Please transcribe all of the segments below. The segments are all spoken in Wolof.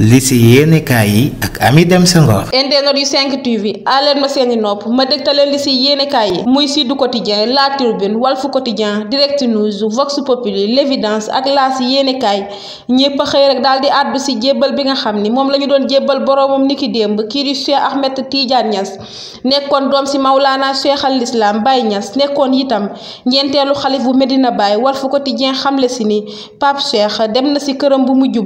li si yéenekaay yi ak Ami Dem Senghor internet yu 5 TV ma seeni nopp ma dégtaleen li si yéenekaay yi muy Sud Quotidien La Tribune Walf Quotidien Direct News Vox Populi L'Évidence ak L'As yéenekaay ñépp a xëy rek daal di àddu si jébbal bi nga xam ni moom lañu doon jébbal boroomam niki démb kii di Cheikh Ahmed Tidiane Niass nekkoon doom si Mawlaana Cheikh al Islam Baye Niass nekkoon itam ñeenteelu xalif bu Medina Baye Walf Quotidien xamle si ni Pape dem na si këram bu mujj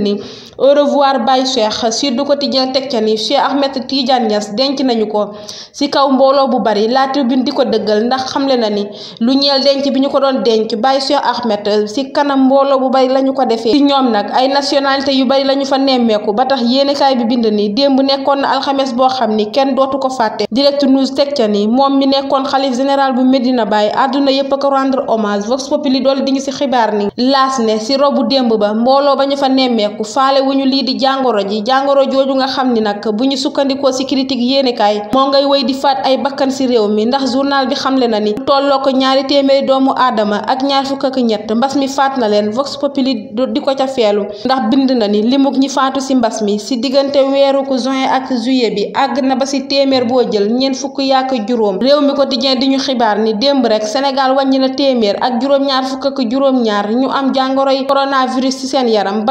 ni au revoir Baye Cheikh Sud Quotidien teg ca ni Cheikh Ahmed Tidiane Niass denc nañu ko si kaw mbooloo bu bari La Tribune di ko dëggal ndax xamle na ni lu ñeel denc bi ñu ko doon denc Baye Cheikh Ahmed si kanam mbooloo bu bari lañu ko defee si ñoom nag ay nationalité yu bari lañu fa nemmeeku ba tax kaay bi bind ni démb nekkoon na alxames boo xam ni kenn dootu ko fàtte Direct News teg ca ni moom mi nekkoon xalif général bu Medina Baye àdduna yépp a ko rendre hommage Vox Populi di si xibaar nemmeeku faale wu ñu lii di jàngoro ji jàngoro jooju nga xam ni nag bu ñu sukkandikoo si critique yéenekaay moo ngay wéy di faat ay bakkan si réew mi ndax journal bi xamle na ni tolloo ko ñaari téeméeri doomu aadama ak ñaar fukk ak ñett mbas mi faat na leen vox populi di ko ca feelu ndax bind na ni limug ñi faatu si mbas mi si diggante weeru ko juin ak juillet bi àgg na ba si téeméer boo jël ñeent fukk yàkk juróom réew mi quotidien di ñu xibaar ni démb rek Sénégal wàññi na téeméer ak juróom fukk ak juróom-ñaar ñu am jàngoroy coronavirus ci seen yaram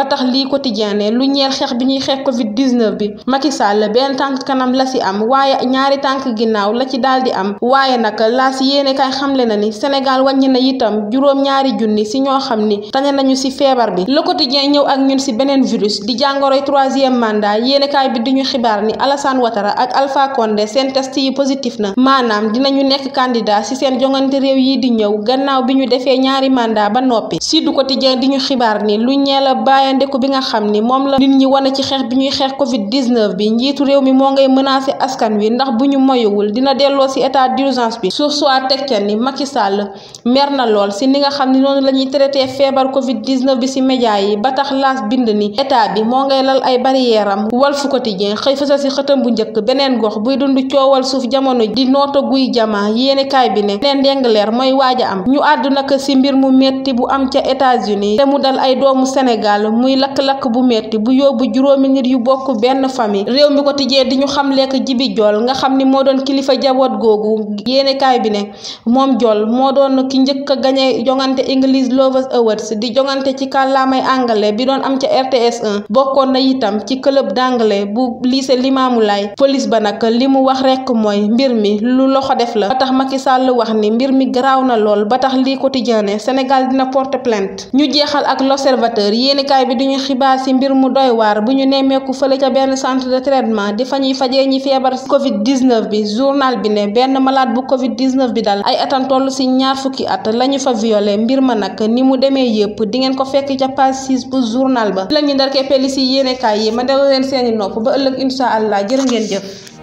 quotidien ne lu ñeel xeex bi ñuy xeex covid 19 bi Macky Sall benn tànk kanam la si am waaye ñaari tànk ginnaaw la ci daal di am waaye nag laa si yéene kay xamle na ni Sénégal wàññi na itam juróom ñaari junni si ñoo xam ni tane nañu si feebar bi le quotidien ñëw ak ñun si beneen virus di jàngoroy troisième mandat yéene kaay bi diñu xibaar ni Alassane Ouattara ak Alpha Condé seen test yi positif na maanaam dinañu nekk candidat si seen jongante réew yi di ñëw gannaaw ñu defee ñaari mandat ba noppi nga xam ni moom la nit ñi wane ci xeex bi ñuy xeex covid 19 bi njiitu réew mi moo ngay menacé askan wi ndax bu ñu moyowul dina delloo si état d'urgence bi suuf soi tegca ni Macky mer na lool si ni nga xam ni noonu lañuy ñuy traité feebar covid 19 bi si média yi ba tax laas bind ni état bi moo ngay lal ay barrière am Walf Quotidien xëy fësal si xëtam bu njëkk beneen gox buy dund coowal suuf jamono di nooto guy jama yéenekaay bi ne leen dengleer mooy waaja am ñu àddu naka si mbir mu metti bu am lakk bu metti bu yóbbu juróomi nit yu bokk benn famille réew mi ko tijjee di ñu xam lekk jibi jool nga xam ni moo doon kilifa jaboot googu yéenekaay bi ne moom jool moo doon ki njëkk a gañe jongante English Lovers Awards di jongante ci kàllaamay anglais bi doon am ca RTS bokkoon na itam ci club d'anglais bu lycée Limamoulaye police ba nag li mu wax rekk mooy mbir mi lu loxo def la ba tax Macky Sall wax ni mbir mi garaaw na lool ba tax lii quotidien ne Sénégal dina porter ñu jeexal xibaar ci mbir mu doy waar bu ñu nemmeeku fële ca benn centre de traitement di fa ñuy fajee ñi feebar covid 19 bi journal bi ne benn malaat bu covid 19 bi dal ay atam toll ci ñaar fukki at la ñu fa violé mbir ma nag ni mu demee yëpp di ngeen ko fekk ca page 6 bu journal ba la ñu ndarkee pelli ci yéenekaay yi ma delu leen seeni nopp ba ëllëg incha allah jërë ngeen jëf